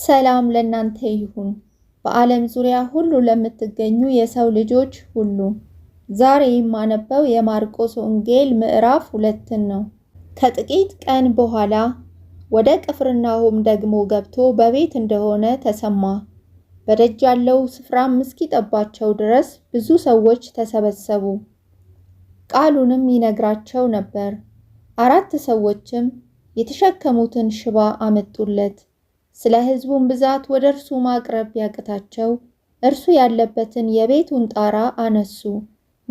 ሰላም ለእናንተ ይሁን በዓለም ዙሪያ ሁሉ ለምትገኙ የሰው ልጆች ሁሉ። ዛሬ የማነበው የማርቆስ ወንጌል ምዕራፍ ሁለትን ነው። ከጥቂት ቀን በኋላ ወደ ቅፍርናሆም ደግሞ ገብቶ በቤት እንደሆነ ተሰማ። በደጅ ያለው ስፍራም እስኪጠባቸው ድረስ ብዙ ሰዎች ተሰበሰቡ። ቃሉንም ይነግራቸው ነበር። አራት ሰዎችም የተሸከሙትን ሽባ አመጡለት። ስለ ሕዝቡም ብዛት ወደ እርሱ ማቅረብ ቢያቅታቸው እርሱ ያለበትን የቤቱን ጣራ አነሱ፣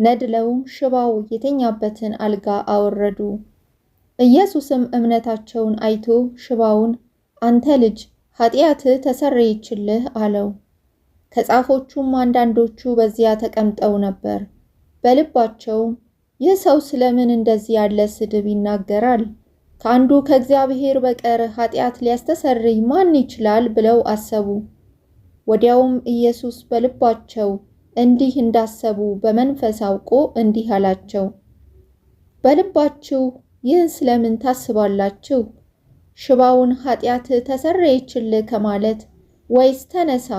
ነድለውም ሽባው የተኛበትን አልጋ አወረዱ። ኢየሱስም እምነታቸውን አይቶ ሽባውን አንተ ልጅ ኃጢአትህ ተሰረየችልህ አለው። ከጻፎቹም አንዳንዶቹ በዚያ ተቀምጠው ነበር። በልባቸውም ይህ ሰው ስለምን እንደዚህ ያለ ስድብ ይናገራል ከአንዱ ከእግዚአብሔር በቀር ኃጢአት ሊያስተሰርይ ማን ይችላል ብለው አሰቡ። ወዲያውም ኢየሱስ በልባቸው እንዲህ እንዳሰቡ በመንፈስ አውቆ እንዲህ አላቸው፣ በልባችሁ ይህን ስለምን ታስባላችሁ? ሽባውን ኃጢአት ተሰረየችል ከማለት ወይስ ተነሳ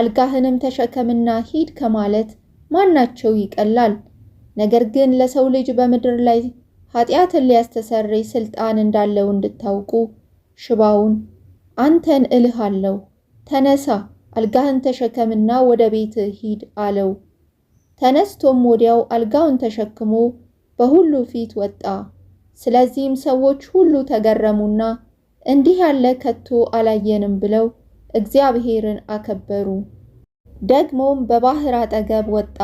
አልጋህንም ተሸከምና ሂድ ከማለት ማናቸው ይቀላል? ነገር ግን ለሰው ልጅ በምድር ላይ ኃጢአትን ሊያስተሰርይ ስልጣን እንዳለው እንድታውቁ ሽባውን አንተን እልሃለሁ ተነሳ፣ አልጋህን ተሸከምና ወደ ቤት ሂድ አለው። ተነስቶም ወዲያው አልጋውን ተሸክሞ በሁሉ ፊት ወጣ። ስለዚህም ሰዎች ሁሉ ተገረሙና እንዲህ ያለ ከቶ አላየንም ብለው እግዚአብሔርን አከበሩ። ደግሞም በባህር አጠገብ ወጣ።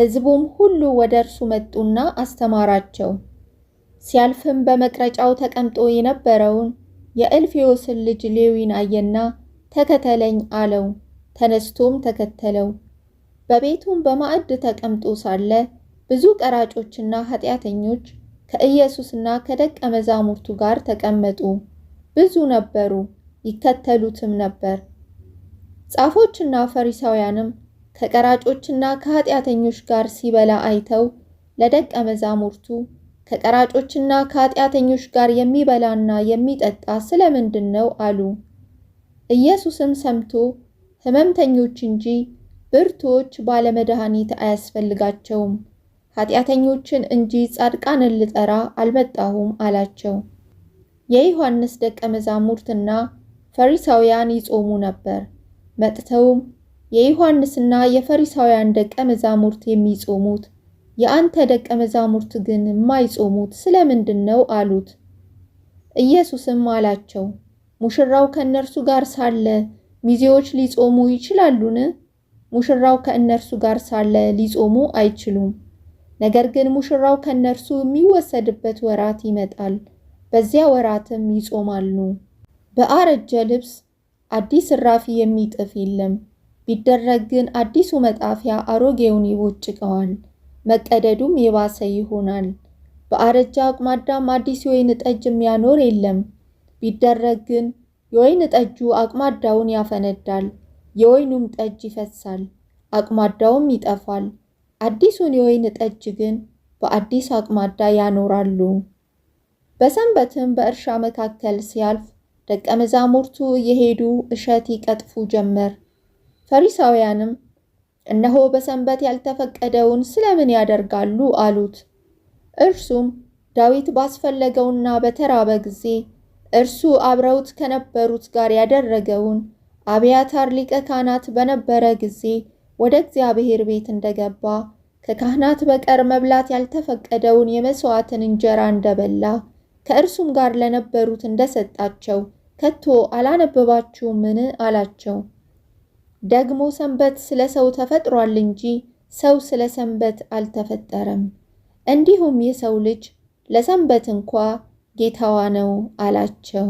ሕዝቡም ሁሉ ወደ እርሱ መጡና አስተማራቸው። ሲያልፍም በመቅረጫው ተቀምጦ የነበረውን የእልፌዎስን ልጅ ሌዊን አየና ተከተለኝ አለው። ተነስቶም ተከተለው። በቤቱም በማዕድ ተቀምጦ ሳለ ብዙ ቀራጮችና ኃጢአተኞች ከኢየሱስና ከደቀ መዛሙርቱ ጋር ተቀመጡ። ብዙ ነበሩ፣ ይከተሉትም ነበር። ጻፎችና ፈሪሳውያንም ከቀራጮችና ከኃጢአተኞች ጋር ሲበላ አይተው ለደቀ መዛሙርቱ ከቀራጮችና ከኃጢአተኞች ጋር የሚበላና የሚጠጣ ምንድን ነው አሉ። ኢየሱስም ሰምቶ ሕመምተኞች እንጂ ብርቶች ባለመድኃኒት አያስፈልጋቸውም፣ ኃጢአተኞችን እንጂ ጻድቃንን ልጠራ አልመጣሁም አላቸው። የዮሐንስ ደቀ መዛሙርትና ፈሪሳውያን ይጾሙ ነበር። መጥተውም የዮሐንስና የፈሪሳውያን ደቀ መዛሙርት የሚጾሙት የአንተ ደቀ መዛሙርት ግን የማይጾሙት ስለምንድን ነው አሉት። ኢየሱስም አላቸው ሙሽራው ከእነርሱ ጋር ሳለ ሚዜዎች ሊጾሙ ይችላሉን? ሙሽራው ከእነርሱ ጋር ሳለ ሊጾሙ አይችሉም። ነገር ግን ሙሽራው ከእነርሱ የሚወሰድበት ወራት ይመጣል፣ በዚያ ወራትም ይጾማሉ። በአረጀ ልብስ አዲስ እራፊ የሚጥፍ የለም፤ ቢደረግ ግን አዲሱ መጣፊያ አሮጌውን ይቦጭቀዋል። መቀደዱም የባሰ ይሆናል። በአረጃ አቅማዳም አዲስ የወይን ጠጅ የሚያኖር የለም። ቢደረግ ግን የወይን ጠጁ አቅማዳውን ያፈነዳል፣ የወይኑም ጠጅ ይፈሳል፣ አቅማዳውም ይጠፋል። አዲሱን የወይን ጠጅ ግን በአዲስ አቅማዳ ያኖራሉ። በሰንበትም በእርሻ መካከል ሲያልፍ ደቀ መዛሙርቱ እየሄዱ እሸት ይቀጥፉ ጀመር። ፈሪሳውያንም እነሆ በሰንበት ያልተፈቀደውን ስለምን ያደርጋሉ አሉት። እርሱም ዳዊት ባስፈለገውና በተራበ ጊዜ እርሱ አብረውት ከነበሩት ጋር ያደረገውን አብያታር ሊቀ ካህናት በነበረ ጊዜ ወደ እግዚአብሔር ቤት እንደገባ ከካህናት በቀር መብላት ያልተፈቀደውን የመሥዋዕትን እንጀራ እንደበላ ከእርሱም ጋር ለነበሩት እንደሰጣቸው ከቶ አላነበባችሁምን? አላቸው። ደግሞ ሰንበት ስለ ሰው ተፈጥሯል እንጂ ሰው ስለ ሰንበት አልተፈጠረም። እንዲሁም የሰው ልጅ ለሰንበት እንኳ ጌታዋ ነው አላቸው።